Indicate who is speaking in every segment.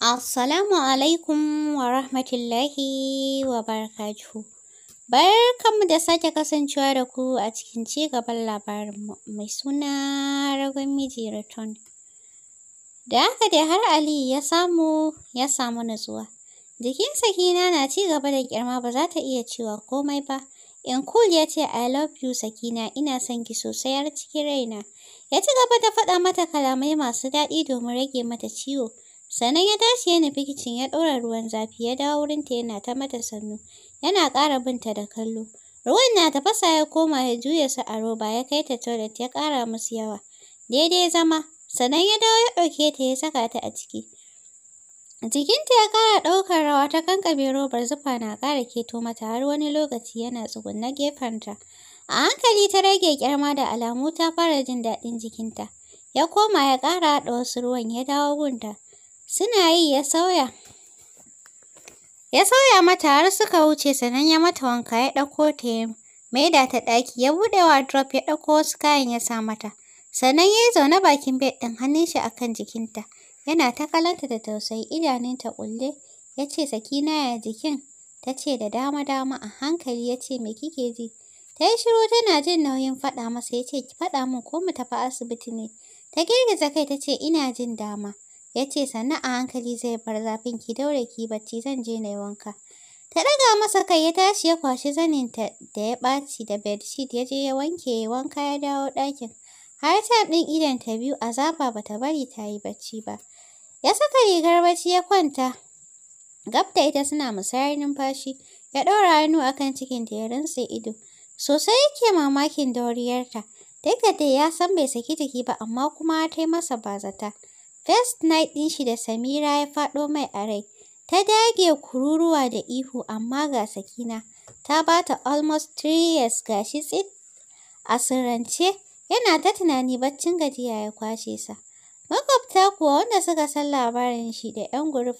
Speaker 1: Assalamu alaikum wa rahmatullahi wa barakatuhu. Barkanmu da sake kasancewa da ku a cikin ci gaban labarinmu mai suna ragon miji return. Da haka dai har Ali ya samu ya samu nutsuwa. Jikin Sakina na ci gaba da girma ba za ta iya cewa komai ba. in cool ya ce I love you Sakina ina son ki sosai har cikin raina. Ya ci gaba da faɗa mata kalamai masu daɗi domin rage mata ciwo. Sannan ya tashi ya nufi ya ɗora ruwan zafi ya dawo wurinta yana ta mata sannu. Yana ƙara binta da kallo. Ruwan na tafasa ya koma ya juya su a roba ya kai ta toilet ya ƙara musu yawa. Daidai zama. Sannan ya dawo ya ɗauke ta ya saka ta a ciki. Jikinta ya ƙara ɗaukar rawa ta kankame robar zufa na ƙara keto mata har wani lokaci yana tsugunna gefenta. A hankali ta rage ƙyarma da alamu ta fara jin daɗin jikinta. Ya koma ya ƙara haɗa wasu ruwan ya dawo gunta. Suna yi ya sauya. Ya sauya mata har suka wuce sannan ya mata wanka ya ɗauko ta ya maida ta ɗaki ya buɗe wardrobe ya ɗauko wasu kayan ya sa mata. Sannan ya yi zaune bakin bed ɗin hannun shi akan jikinta. Yana ta kalanta da tausayi idanunta ƙulle. Ya ce Sakina ya jikin? Ta ce da dama-dama a hankali ya ce me kike ji? Ta yi shiru tana jin nauyin faɗa masa ya ce ki faɗa min ko mu tafi asibiti ne? Ta girgiza kai ta ce ina jin dama. Ya ce sannan a hankali zai bar zafin ki daure ki bacci zan je na yi wanka. Ta ɗaga masa kai ya tashi ya kwashi zanin ta, da ya ɓaci da bedsheet ya je ya wanke ya wanka ya dawo ɗakin. Har ta ɗin idan ta biyu a azaba bata bari ta yi bacci ba. Ya saka rigar bacci ya kwanta. Gab da ita suna musayar numfashi. Ya ɗaura hannu akan ta ya rintse ido. Sosai yake mamakin dauriyarta. Duk da dai ya san bai saki jiki ba amma kuma ta yi masa bazata. First night ɗin shi da Samira ya faɗo mai a rai. Ta dage kururuwa da ihu amma ga Sakina ta ba ta almost three years ga shi tsit. A sirrance yana ta tunani baccin gajiya ya kwashe sa. Makwabta kuwa wanda suka san labarin shi da 'yan guruf.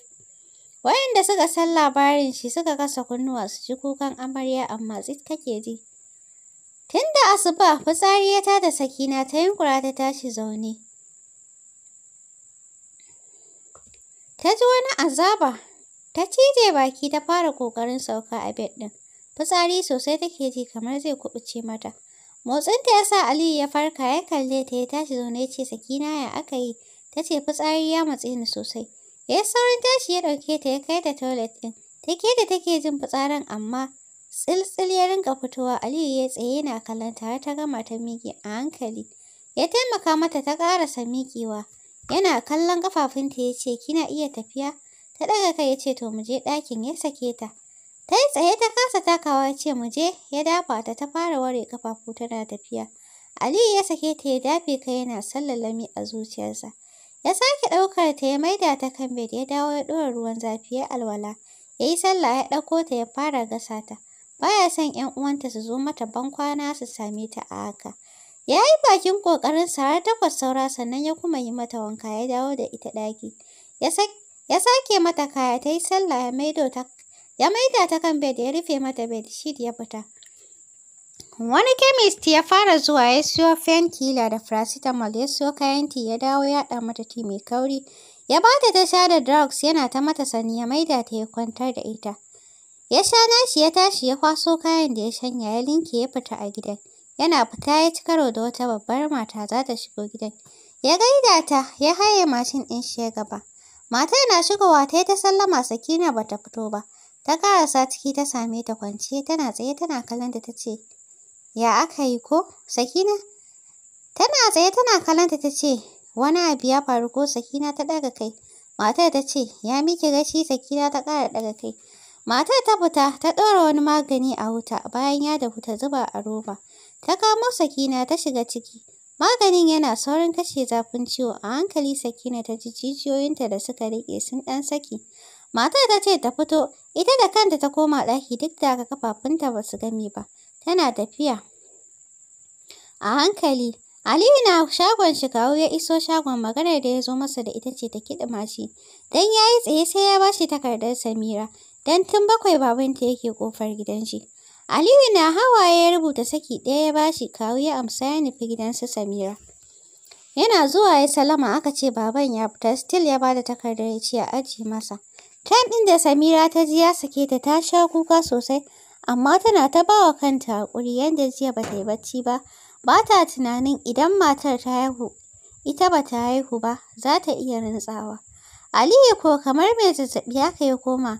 Speaker 1: Wayanda suka san labarin shi suka kasa kunnuwa su ji kukan amarya amma tsit kake ji. Tun da asuba fitsari ya tada Sakina ta yunkura ta tashi zaune. Ta ji wani azaba, ta cije baki ta fara ƙoƙarin sauka a bed ɗin. Fitsari sosai take ji kamar zai kuɓuce mata. Motsinta ya sa Aliyu ya farka ya kalle ta ya tashi zaune ya ce sakina ya aka yi. Ta ce fitsari ya matse ni sosai. Ya yi saurin tashi ya ɗauke ta ya kai ta toilet ɗin. ke da take jin fitsarin amma tsiltsil ya rinka fitowa Aliyu ya tsaye yana kallon tare ta gama ta miƙe a hankali. Ya taimaka mata ta ƙarasa miƙewa. Yana kallon ƙafafunta ya ce, kina iya tafiya? Ta ɗaga kai ya ce, to mu je ɗakin ya sake ta. Ta yi tsaye ta kasa takawa ya ce, mu je, ya dafa ta ta fara ware kafafu tana tafiya. Aliyu ya sake ta ya dafe kai yana sallalami a zuciyarsa. Ya sake ɗaukar ta ya maida ta kan bed ya dawo ya ɗora ruwan zafi ya alwala. Ya yi sallah ya ɗauko ta ya fara gasa ta. Baya son ‘yan uwanta su zo mata bankwana su same ta a haka. Ya yi bakin sa, har takwas saura sannan ya kuma yi mata wanka ya dawo da ita ɗaki. Ya sake mata kaya ta yi sallah ya maido ta ya maida ta kan bed ya rufe mata bedsheet ya fita. Wani kemist ya fara zuwa ya siyo fenkila da paracetamol ya siyo kayan tea ya dawo ya haɗa mata tea mai kauri. Ya ba ta ta sha da drugs yana ta mata sani ya maida ta ya kwantar da ita. Ya sha nashi ya tashi ya kwaso kayan da ya shanya ya linke ya fita a gidan. Yana fita ya ci karo da wata babbar mata za ta shigo gidan. Ya gaida ta, ya haye mashin ɗin shi ya gaba. Matar na shigowa ta yi ta sallama sakina ba ta fito ba. Ta karasa ciki ta same ta kwance tana tsaye tana kallon ta ce, Ya aka yi ko, sakina? Tana tsaye tana kallon ta ce, Wani abu ya faru ko sakina ta ɗaga kai. Matar ta ce, Ya miki gashi sakina ta ƙara ɗaga kai. Matar ta fita ta ɗora wani magani a wuta bayan ya dahu ta zuba a roba. Ta kamo Sakina ta shiga ciki. Maganin yana saurin kashe zafin ciwo a hankali Sakina ta ji jijiyoyinta da suka riƙe sun ɗan saki. Matar ta ce ta fito, ita da kanta ta koma ɗaki duk da haka kafafunta ba su game ba. Tana tafiya a hankali. Aliyu na shagon shi kawo ya iso shagon maganar da ya zo masa da ita ce ta kiɗima shi. Dan ya yi tsaye sai ya bashi takardar Samira. Dan tun bakwai babanta yake ƙofar gidan shi. Aliyu na hawaye ya rubuta saki ɗaya ya bashi kawu ya amsa ya nufi su Samira. Yana zuwa ya salama aka ce baban ya fita still ya bada takardar ya ce a aji masa. Time ɗin da Samira ta ji ya sake ta ta sha kuka sosai amma tana ta bawa kanta haƙuri yadda jiya bata yi bacci ba. Ba ta tunanin idan matar ta haihu ita bata haihu ba za ta iya rantsawa. Aliyu ko kamar mai zazzaɓi haka ya koma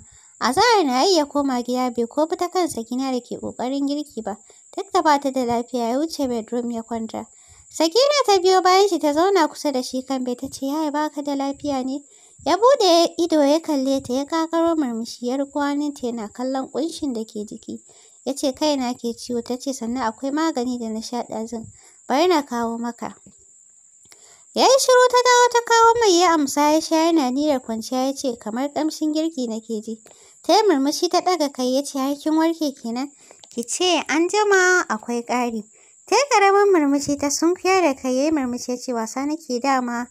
Speaker 1: Azahar na iya koma gida bai ko bi ta kansa gina da ke ƙoƙarin girki ba, duk da ba ta da lafiya ya wuce bedroom ya kwanta. Sakina ta biyo bayan shi ta zauna kusa da shi kan bai ta ce yaya baka da lafiya ne? Ya buɗe ido ya kalle ta ya kakaro murmushi ya kwaninta yana kallon ƙunshin da ke jiki. Ya ce na ke ciwo ta ce sannan akwai magani da na sha ɗazun bari na kawo maka. Ya yi shiru ta dawo ta kawo mai ya amsa ya sha yana niyyar kwanciya ya ce kamar ƙamshin girki nake ji. Ta yi murmushi ta ɗaga kai ya ce warke kenan. Ki ce an jima akwai ƙari. Ta yi ƙaramin murmushi ta sunkuyar da kai ya yi murmushi ya ce wasa nake dama.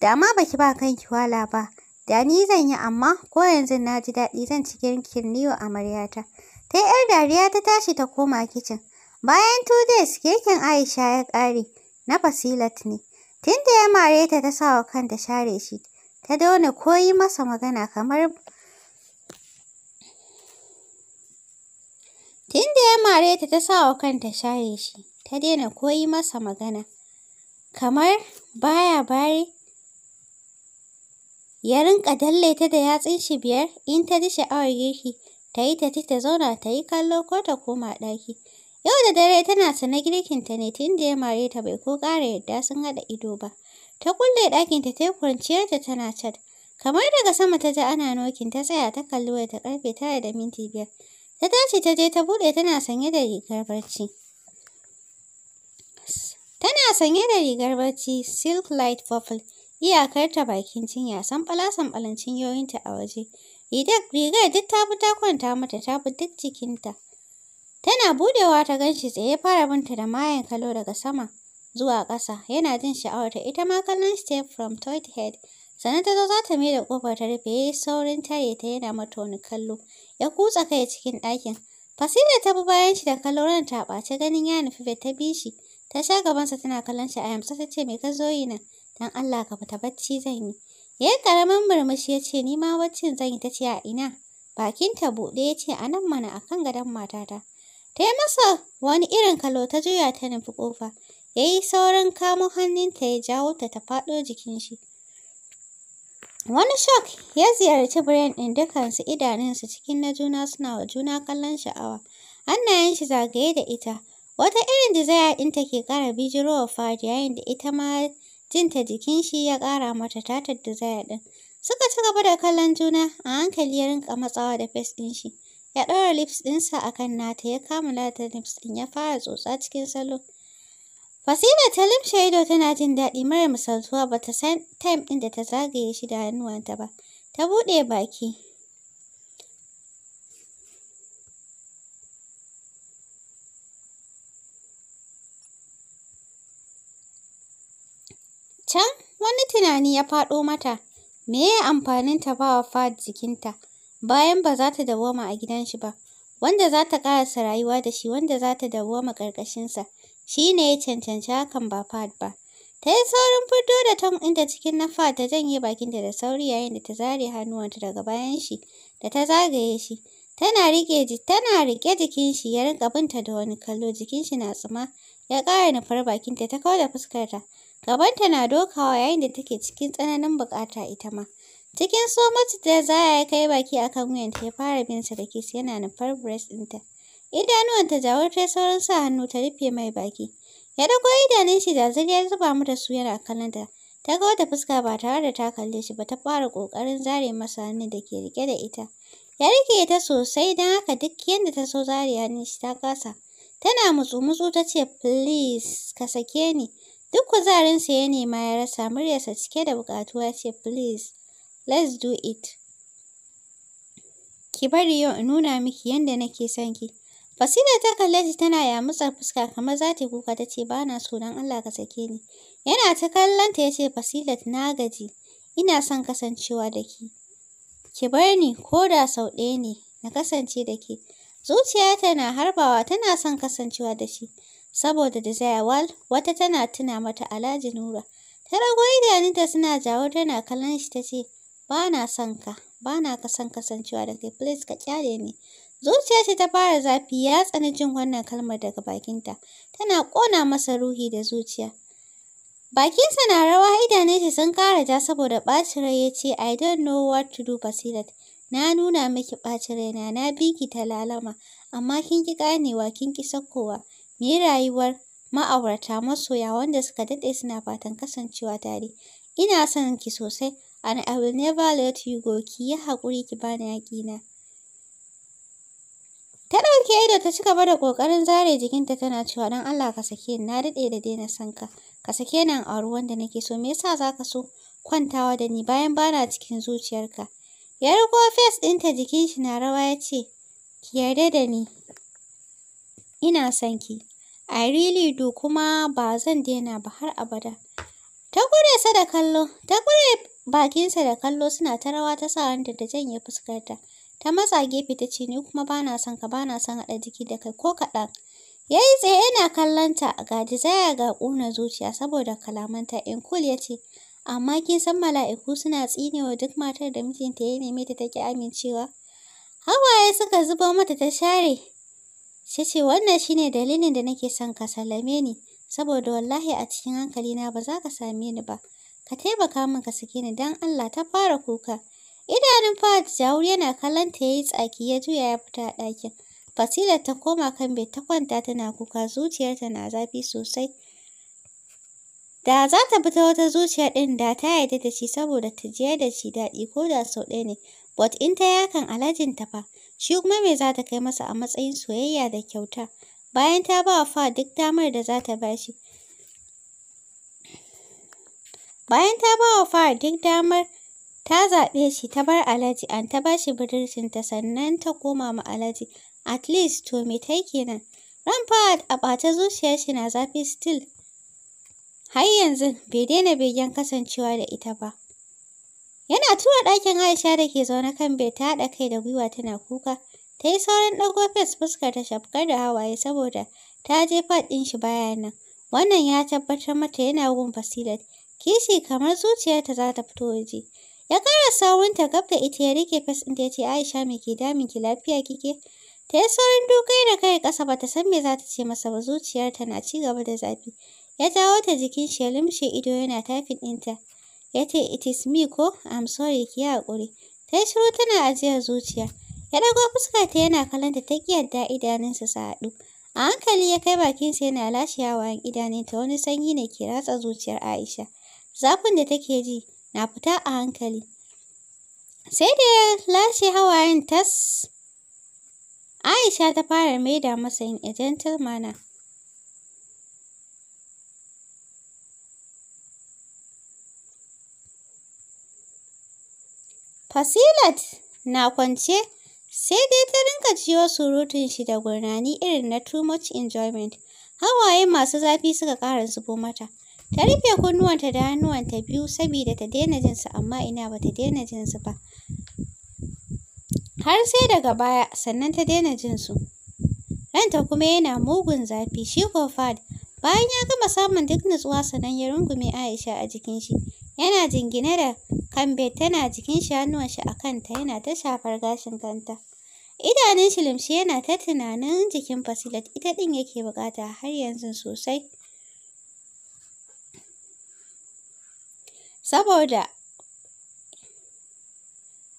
Speaker 1: Dama baki ba kanki wala ba. Da ni zan yi amma ko yanzu na ji daɗi zan ci girkin niyo amaryata. Ta yi ‘yar dariya ta tashi ta koma kicin. Bayan two days keken Aisha ya ƙare na Fasilat ne. Tun da ya mare ta ta sa wa kanta share shi. ta dauna koyi masa magana kamar tun da ya mare ta ta sawa wa kanta share shi ta daina koyi masa magana kamar baya bari. ya rinka dalle ta da yatsun shi biyar in ta ji sha'awar girki ta yi ta ci ta zauna ta yi kallo ko ta koma ɗaki yau da dare tana sana girkinta ne tun da ya mare ta bai ko ƙara yadda sun haɗa ido ba Ta kulle ɗakinta ta yi kwanciyarta tana cat. Kamar daga sama ta ji ana nokin ta tsaya ta kalli waya ta karfe tara da minti biyar. Ta tashi ta je ta buɗe tana sanye da rigar barci. Tana sanye da rigar barci silk light purple. ta bakin cinya sanɓala-sanɓalan cinyoyinta a waje. Rigar duk ta fi ta kwanta mata ta fi duk jikinta. Tana budewa ta ganshi tsaye fara binta da mayan kalo daga sama. zuwa ƙasa, yana jin sha'awarta ita ma kallon step from toit head. Sannan ta zo za ta mai da ƙofar ta rufe ya saurin tare ta yana mata wani kallo, ya kutsa kai cikin ɗakin. Fasila ta bi bayan shi da kallo ran ta ɓace ganin ya nufi bai ta bi shi. Ta sha gabansa tana kallon shi a yamsa ta ce mai ka zo yi nan? Dan Allah ka fita bacci zan yi. Ya yi ƙaramin murmushi ya ce ni ma baccin zan yi ta ce a ina. bakin ta buɗe ya ce a nan mana a kan gadon matata. Ta yi masa wani irin kallo ta juya ta nufi ƙofa. ya yi saurin kamo hannunta ya jawo ta ta faɗo jikin shi. Wani shock ya ziyarci Brian ɗin dukansu idanunsu cikin na juna suna wa juna kallon sha'awa. Hannayen shi zagaye da ita. Wata irin desire ɗin ke ƙara bijirowa Fadi yayin da ita ma jinta jikin shi ya ƙara mata tatar desire ɗin. Suka ci gaba da kallon juna a hankali ya rinƙa matsawa da fes ɗin shi. Ya ɗora lips ɗinsa a kan nata ya kama nata lips ɗin ya fara tsotsa cikin salo. Wasila ta limshe ido tana jin daɗi mara misaltuwa ba ta san time ɗin da ta zagaye shi da hannuwanta ba. Ta buɗe baki. Can wani tunani ya faɗo mata, me ya amfanin ta ba wa fad jikinta bayan ba za ta dawwama a gidan shi ba, wanda za ta ƙarasa rayuwa da shi, wanda za ta dawwama ƙarƙashinsa. shi ne ya cancanci hakan ba fad ba. Ta yi saurin fito da Tom inda cikin na fad ta janye bakinta da sauri yayin da ta zare hannuwanta daga bayan shi da ta zagaye shi. Tana riƙe tana riƙe jikin shi ya rinƙa binta da wani kallo jikin shi na tsuma ya ƙara nufar bakinta ta kawo da fuskarta. Gabanta na dokawa yayin da take cikin tsananin buƙata ita ma. Cikin so mace da zaya ya kai baki akan wuyanta ya fara bin sa da kiss yana nufar breast ɗinta. Idanuwanta jawo ta sauran sa hannu ta rufe mai baki. Ya dago idanun shi da ya zuba mu da su yana kallonta. Ta ga wata fuska ba tare da ta kalle shi ba ta fara ƙoƙarin zare masa hannun da ke riƙe da ita. Ya rike ta sosai don haka duk yadda ta so zare hannun shi ta kasa. Tana mutsu-mutsu ta ce, Please, ka sake ni. Duk kuzarin sa ya nema ya rasa muryarsa cike da bukatu ya ce, Please, let's do it. Ki bari yau in nuna miki yadda nake son ki. Fasina ta kalle ta tana yamutsar fuska kamar za ta kuka ta ce ba na so don Allah ka sake ni. Yana ta kallonta ya ce Fasilat na gaji, ina son kasancewa da ke, Ki bar ni ko da sau ɗaya ne na kasance da ke. ta na harbawa tana son kasancewa da shi, saboda Desirewal wata tana tuna mata Alhaji Nura. Ta rago idanunta suna jawo tana kallon shi ta ce, ba na son ka, ba na son kasancewa da kai, please ka kyale ni. Zuciyarta ta fara zafi ya tsani jin wannan kalmar daga bakinta. Tana ƙona masa ruhi da zuciya. Bakinsa na rawa idanunsa sun ƙara ja saboda ɓacin rai ya ce, I don't know what to do Basirat. Na nuna miki ɓacin raina, na bi ki ta lalama, amma kin ki ganewa, kin ki kowa. Me rayuwar ma'aurata masoya wanda suka daɗe suna fatan kasancewa tare. Ina son ki sosai, and I will never let you go. Ki yi haƙuri ki bani haƙina. Ta ɗauke ido ta ci gaba da ƙoƙarin zare jikinta tana cewa don Allah ka sake ni na daɗe da daina son ka. Ka sake ni a auri wanda nake so me yasa za ka so kwantawa da ni bayan bana cikin zuciyarka. Ya riko fes ɗinta jikin shi na rawa ya ce ki yarda da ni. Ina son ki. I really do kuma ba zan daina ba har abada. Ta ƙure sa da kallo, ta ƙure bakinsa da kallo suna ta rawa ta sa wanda ta janye fuskarta. Ta matsa gefe ta ce ni kuma ba na son ka ba na son haɗa jiki da kai ko kaɗan. Ya yi tsaye yana kallon ta ga dizaya ga ƙuna zuciya saboda kalamanta Kul ya ce amma kin san mala'iku suna tsinewa duk matar da mijinta ya neme ta take amincewa. Hawaye suka zuba mata ta share. Ta ce wannan shine dalilin da nake son ka sallame ni saboda wallahi a cikin hankalina ba za ka same ni ba. Ka taimaka min ka sake ni don Allah ta fara kuka. Idanun Fahad jawur yana kallon ta yayi tsaki ya juya ya fita ɗakin. Fasila ta koma kan bai ta kwanta tana kuka zuciyarta na zafi sosai. Da za ta fita wata zuciya ɗin da ta yarda da shi saboda ta ji da shi daɗi ko da sau ɗaya ne. But in ta yakan alhajin ta fa, shi kuma me za ta kai masa a matsayin soyayya da kyauta. Bayan ta ba wa fa duk damar da za ta ba Bayan ta ba wa duk damar Ta zaɓe shi ta bar Alhaji an ta bashi ta, sannan ta koma ma Alhaji. At least to me ta kenan. rampart a ɓata zuciyar shi na zafi still. Har yanzu bai daina begen kasancewa da ita ba. Yana tura ɗakin Aisha da ke zaune kan bai ta haɗa kai da gwiwa tana kuka. Ta yi sauran ɗago fes fuskar ta shafkar da hawaye saboda ta je ɗin shi baya nan. Wannan ya tabbatar mata yana gun Fasilat. Kishi kamar zuciyarta za ta fito waje. Ya ƙara sawunta gab da ita ya rike fes ɗinta ya ce Aisha mai ke damin ki lafiya kike? Ta yi saurin dukai da kai ƙasa ba ta san me za ta ce masa ba zuciyarta na ci gaba da zafi. Ya jawo ta jikin shi ya limshe ido yana tafin ɗinta. Ya ce it is me ko I'm sorry ki yi haƙuri. Ta yi shiru tana ajiyar zuciya. Ya ɗago ta yana kalanta ta ƙi yadda idanunsa su haɗu. A hankali ya kai bakinsa yana lashe hawayen idanunta wani sanyi ne ke ratsa zuciyar Aisha. Zafin da take ji. na fita a hankali. Sai da ya lashe hawayen tas. Aisha ta fara maida masa yin a gentle manner. Fasilat na kwance sai dai ta rinka jiyo surutun shi da gurnani irin na too much enjoyment. Hawaye masu zafi suka ƙara zubo mata. Ta rufe kunnuwanta da hannuwanta biyu saboda ta daina jin su amma ina bata daina jin su ba. Har sai daga baya sannan ta daina jin su. Ranta kuma yana mugun zafi shi ko bayan ya gama samun duk nutsuwa sannan ya rungume Aisha a jikin shi. Yana jingine da kambe tana jikin shi hannuwan shi a kanta yana ta shafar gashin kanta. Idanun shi limshe yana ta tunanin jikin Fasilat ita ɗin yake buƙata har yanzu sosai. saboda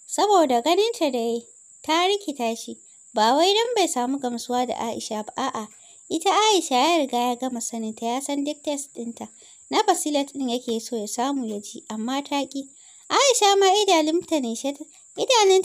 Speaker 1: saboda ganinta da yayi ta rikita shi ba wai don bai samu gamsuwa da Aisha ba a'a ita Aisha ya riga ya gama saninta ya san duk test ɗinta na Basilat ɗin yake so ya samu ya ji amma ta ƙi Aisha ma idanunta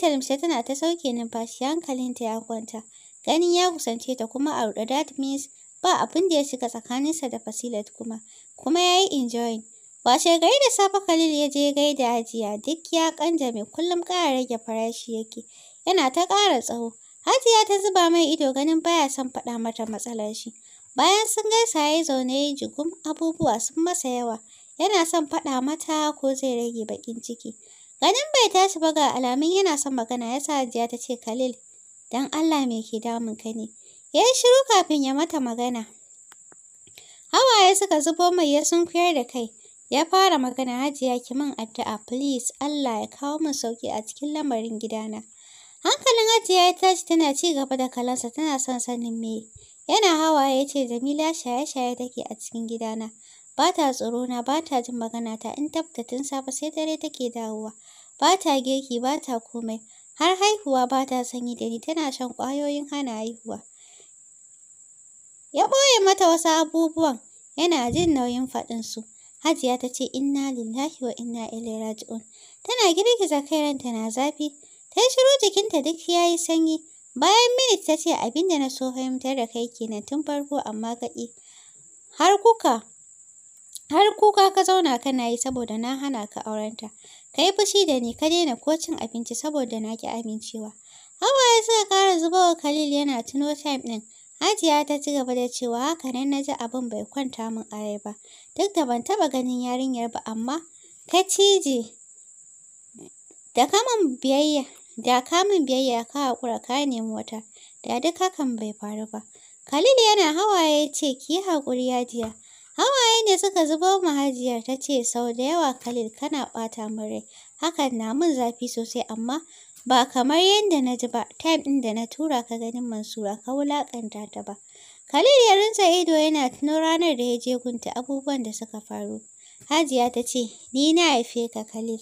Speaker 1: limshe tana ta sauke numfashi hankalinta ya kwanta ganin ya kusance ta kuma a ruɗe that means ba abin da ya shiga tsakaninsa da Fasilat kuma kuma ya yi enjoying Washe gari da safe Khalil ya je gaida Hajiya duk ya kanja mai kullum ƙara rage farashi yake. Yana ta ƙara tsawo. Hajiya ta zuba mai ido ganin baya son faɗa mata matsalar shi. Bayan sun gaisa ya zaune ya jigum abubuwa sun masa yawa. Yana son faɗa mata ko zai rage baƙin ciki. Ganin bai tashi ba ga alamun yana son magana ya sa Hajiya ta ce Khalil dan Allah me ke damun ka ne. Ya yi shiru kafin ya mata magana. Hawaye suka zubo mai ya sunkuyar da kai. Ya fara magana Hajiya ki min addu'a please Allah ya kawo min sauki a cikin lamarin gidana. Hankalin Hajiya ya tashi tana ci gaba da kalansa tana son sanin me. Yana hawaye ya ce Jamila shaye-shaye take a cikin gidana. Ba ta tsoro na ba ta jin magana ta in tabta tun safe sai dare take dawowa. Ba ta girki ba ta komai. Har haihuwa ba ta sanyi da ni tana shan ƙwayoyin hana haihuwa. Ya ɓoye mata wasu abubuwan yana jin nauyin faɗinsu. su. Hajiya ta ce inna lillahi wa inna ilaihi raji'un. Tana girgiza kai ranta na zafi. Ta shiru jikinta duk ya yi sanyi. Bayan minit ta ce abin da na so fahimtar da kai kenan tun farko amma kaƙi. Har kuka har kuka ka zauna kana yi saboda na hana ka aurenta. Ka yi fushi da ni ka daina ko cin abinci saboda na ki amincewa. Hawaye suka ƙara zubawa Khalil yana tuno time ɗin. Hajiya ta ci gaba da cewa haka nan na ji abin bai kwanta min a ba, duk da ban taɓa ganin yarinyar ba amma ta cije. Da kamun biyayya, da kamun biyayya ka haƙura ka nemi wata, da duk hakan bai faru ba. Khalil yana hawaye ya ce ki yi haƙuri Hajiya. Hawaye ne suka zuba ma Hajiya ta ce sau da yawa Khalil kana ɓata min rai, hakan na min zafi sosai amma Ba kamar yadda na ji ba, time ɗin da na tura ka ganin Mansura ka wulaƙanta ta ba. Khalil ya rinsa ido yana tuno ranar da ya je gunta abubuwan da suka faru. Hajiya ta ce, Ni na haife ka Khalil,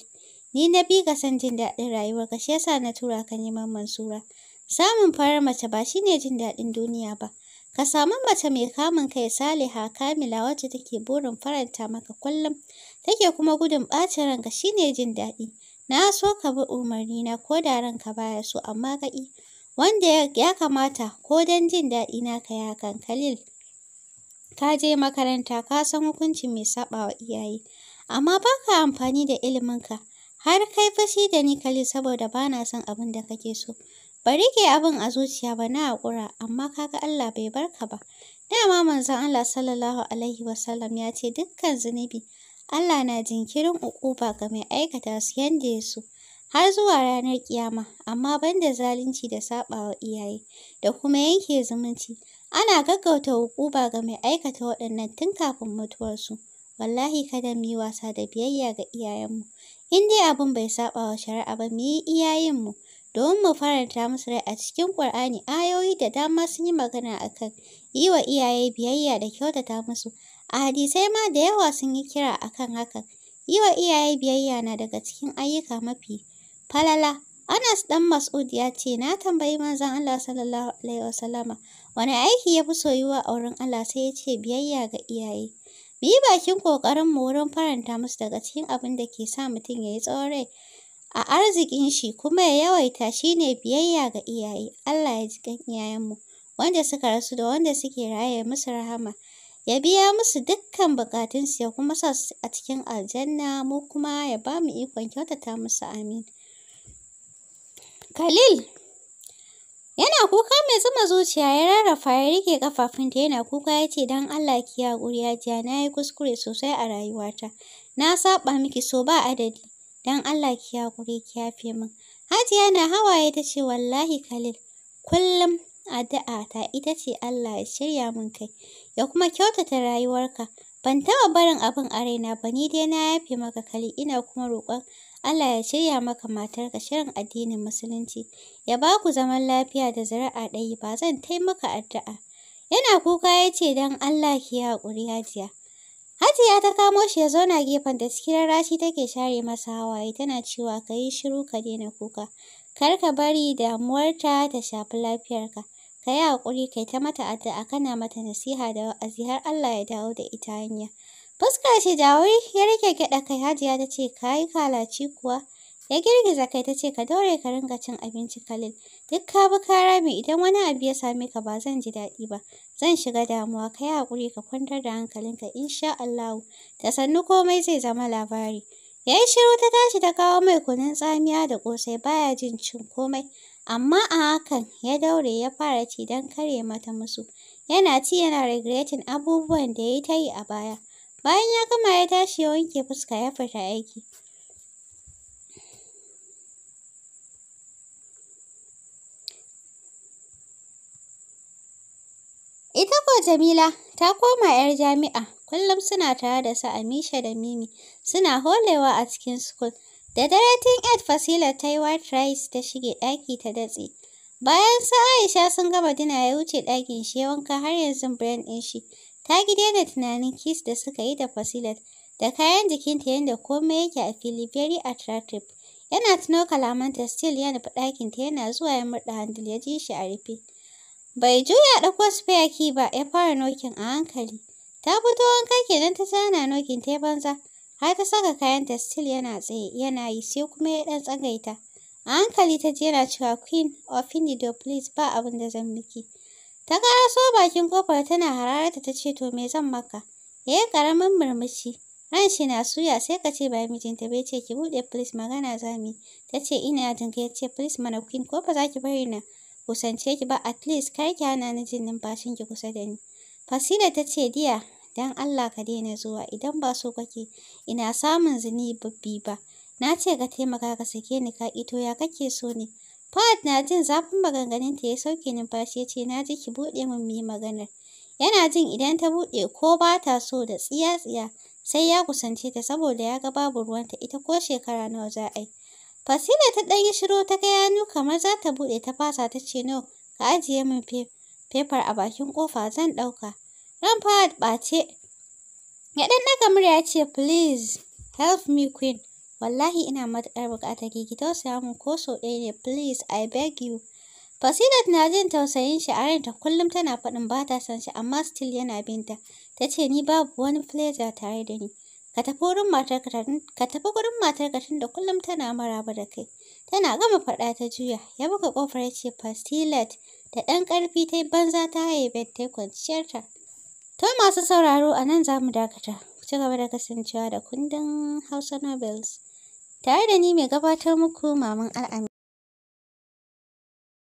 Speaker 1: ni na bi ka san jin daɗin ka shi yasa na tura ka neman Mansura. Samun farar mace ba shine jin daɗin duniya ba. Ka samu mace mai kamun kai saliha kamila wacce take burin faranta maka kullum, take kuma gudun ɓacin ranka shi jin daɗi. Na so ka bi umarnina ko da ranka baya so amma ka ƙi. Wanda ya kamata ko don jin daɗi na ka yi Khalil. Ka je makaranta ka san hukuncin mai saɓawa iyaye. Amma ba ka amfani da iliminka. Har kai fashi da ni Khalil saboda ba na son abin da kake so. Bari ke abin a zuciya ba na haƙura amma kaga Allah bai barka ba. Dama manzon Allah sallallahu alaihi wasallam ya ce dukkan zunubi Allah na jinkirin uquba ga mai aikata su yanda ya so har zuwa ranar ƙiyama, amma banda zalunci da saɓawa iyaye da kuma yanke zumunci, ana gaggauta uquba ga mai aikata waɗannan tun kafin mutuwarsu. Wallahi kada mu yi wasa da biyayya ga iyayenmu, in dai abin bai saɓawa shari'a ba mu yi iyayenmu. domin mu faranta musu rai a cikin Ƙur'ani ayoyi da dama sun yi magana a kan yi wa iyaye biyayya da kyautata musu A hadisai ma da yawa sun yi kira a kan hakan. Yi wa iyaye biyayya na daga cikin ayyuka mafi falala. Anas Dan Mas'ud ya ce, Na tambayi manzon Allah sallallahu Alaihi sallama, wani aiki ya fi soyuwa a wurin Allah sai ya ce biyayya ga iyaye. Mu yi bakin mu wurin faranta musu daga cikin abin da ke sa mutum ya yi tsawon rai a arzikin shi kuma ya yawaita shi ne biyayya ga iyaye. Allah ya ji kan iyayenmu, wanda suka rasu da wanda suke raye musu rahama. ya biya musu dukkan bukatunsu ya kuma sa su a cikin aljanna mu kuma ya ba mu ikon kyautata musu amin. Khalil yana kuka mai zama zuciya ya rarrafa ya rike kafafunta yana kuka ya ce don Allah ki haƙuri hajiya na yi kuskure sosai a rayuwata na saba miki so ba adadi don Allah ki haƙuri ki yafe min hajiya na hawaye ta ce wallahi Khalil kullum addu'a ta ita ce Allah ya shirya min kai, ya kuma kyautata rayuwarka. Ban taɓa barin abin a raina ba, ni dai na yafe maka kali, ina kuma roƙon Allah ya shirya maka matar ka, shirin addinin Musulunci, ya ba ku zaman lafiya da zuri'a ɗayi ba, zan taimaka addu'a. Yana kuka ya ce don Allah ki haƙuri hajiya. Hajiya ta kamo shi ya zauna gefen da cikin rashi take share masa hawaye tana cewa ka yi shiru ka daina kuka. Kar ka bari damuwarta ta shafi lafiyarka. ka yi haƙuri kai ta mata addu'a kana mata nasiha da wa'azi har Allah ya dawo da ita hanya. fuska ce da wuri ya rike gyaɗa kai Hajiya ta ce ka yi kalaci kuwa. Ya girgiza kai ta ce ka daure ka ringa cin abinci Khalil. Duk ka bi ka rame idan wani abu ya same ka ba zan ji daɗi ba. Zan shiga damuwa ka yi haƙuri ka kwantar da hankalinka insha Allahu. ta sannu komai zai zama labari. Ya yi shiru ta tashi ta kawo mai kunun tsamiya da ƙosai baya jin cin komai. Amma a hakan ya daure ya fara ci don kare mata musu. Yana ci yana regretin abubuwan da ya yi ta yi a baya. Bayan ya gama ya tashi ya wanke fuska ya fita aiki. Ita ko Jamila ta koma 'yar jami'a, kullum suna tare da su Amisha da Mimi, suna holewa a cikin sukul. Da dare tun Ed Fasila ta yi white rice ta shige ɗaki ta datse. Bayan sa Aisha sun gama dina ya wuce ɗakin shi ya wanka har yanzu brand ɗin shi. Ta gi da tunanin kiss da suka yi da Fasilat da kayan jikinta yadda komai yake a fili very attractive. Yana tuno kalamanta still ya nufi ɗakinta yana zuwa ya murɗa handil ya ji shi a rufe. Bai juya ɗauko spare key ba ya fara nokin a hankali. Ta fito wanka kenan ta zana nokin ta banza. Har ta saka kayanta still yana tsaye yana yi sai kuma ya ɗan tsagaita. A hankali ta ji yana cewa Queen of Indido please ba abin da zan miki. Ta karaso bakin kofar tana hararta ta ce to me zan maka? Ya yi ƙaramin murmushi. Ran shi na suya sai ka ce ba mijinta bai ce ki buɗe please magana za mu Ta ce ina jin ka ya ce please mana Queen ko ba za ki bari na kusance ki ba at least kai ki hana ni jin numfashin ki kusa da ni. Fasila ta ce diya dan Allah ka daina zuwa idan ba so kake ina samun babbi ba. Na ce ka taimaka ka sake ni ka ito ya kake so ne. Fahad na jin zafin maganganunta ya sauke numfashi ya ce na ji ki buɗe min mu yi maganar. Yana jin idan ta buɗe ko ba ta so da tsiya-tsiya sai ya kusance ta saboda ya ga babu ruwanta ita ko shekara nawa za a yi. Fasila ta ɗan yi shiro ta ga yanu kamar za ta buɗe ta fasa ta ce no ka ajiye min fefar a bakin ƙofa zan ɗauka. Ran ba ɓace. Ya ɗan ɗaga murya ya ce, Please, help me queen. Wallahi ina matuƙar buƙatar ki, ki tausaya mun ko sau ɗaya ne, please, I beg you. Fasilat na jin tausayin shi a ranta kullum tana faɗin ba ta san shi amma still yana binta. Ta ce ni babu wani pleasure tare da ni. Ka tafi wurin matarka ka tafi kullum tana maraba da kai. Tana gama faɗa ta juya ya buga ƙofar ya ce Fasilat da ɗan ƙarfi ta yi banza ta haye bed ta yi kwanciyarta. To masu sauraro a nan za mu dakata. Ku ci gaba da kasancewa da kundin Hausa Nobels. Tare da ni mai gabatar muku Maman Al'amin.